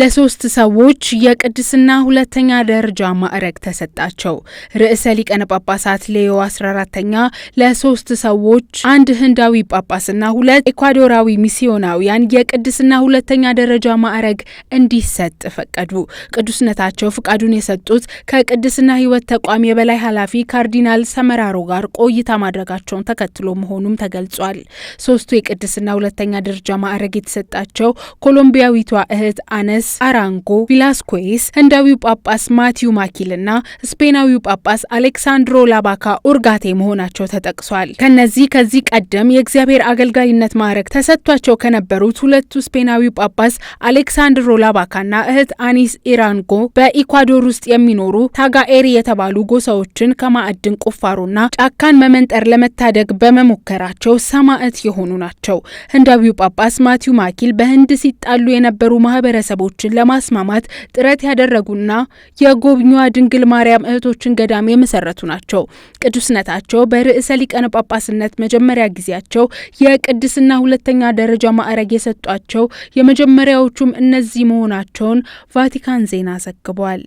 ለሶስት ሰዎች የቅድስና ሁለተኛ ደረጃ ማዕረግ ተሰጣቸው። ርዕሰ ሊቀነ ጳጳሳት ሌዮ 14ተኛ ለሶስት ሰዎች አንድ ህንዳዊ ጳጳስና ሁለት ኤኳዶራዊ ሚስዮናውያን የቅድስና ሁለተኛ ደረጃ ማዕረግ እንዲሰጥ ፈቀዱ። ቅዱስነታቸው ፍቃዱን የሰጡት ከቅድስና ህይወት ተቋም የበላይ ኃላፊ ካርዲናል ሰመራሮ ጋር ቆይታ ማድረጋቸውን ተከትሎ መሆኑም ተገልጿል። ሶስቱ የቅድስና ሁለተኛ ደረጃ ማዕረግ የተሰጣቸው ኮሎምቢያዊቷ እህት አነስ ጳጳስ አራንጎ ቪላስኮዌስ፣ ህንዳዊው ጳጳስ ማቲዩ ማኪል እና ስፔናዊው ጳጳስ አሌክሳንድሮ ላባካ ኡርጋቴ መሆናቸው ተጠቅሷል። ከነዚህ ከዚህ ቀደም የእግዚአብሔር አገልጋይነት ማዕረግ ተሰጥቷቸው ከነበሩት ሁለቱ ስፔናዊው ጳጳስ አሌክሳንድሮ ላባካና እህት አኒስ ኢራንጎ በኢኳዶር ውስጥ የሚኖሩ ታጋኤሪ የተባሉ ጎሳዎችን ከማዕድን ቁፋሮና ጫካን መመንጠር ለመታደግ በመሞከራቸው ሰማዕት የሆኑ ናቸው። ህንዳዊው ጳጳስ ማቲዩ ማኪል በህንድ ሲጣሉ የነበሩ ማህበረሰቦች ሰዎችን ለማስማማት ጥረት ያደረጉና የጎብኚዋ ድንግል ማርያም እህቶችን ገዳም የመሰረቱ ናቸው። ቅዱስነታቸው በርዕሰ ሊቀነ ጳጳስነት መጀመሪያ ጊዜያቸው የቅድስና ሁለተኛ ደረጃ ማዕረግ የሰጧቸው የመጀመሪያዎቹም እነዚህ መሆናቸውን ቫቲካን ዜና ዘግቧል።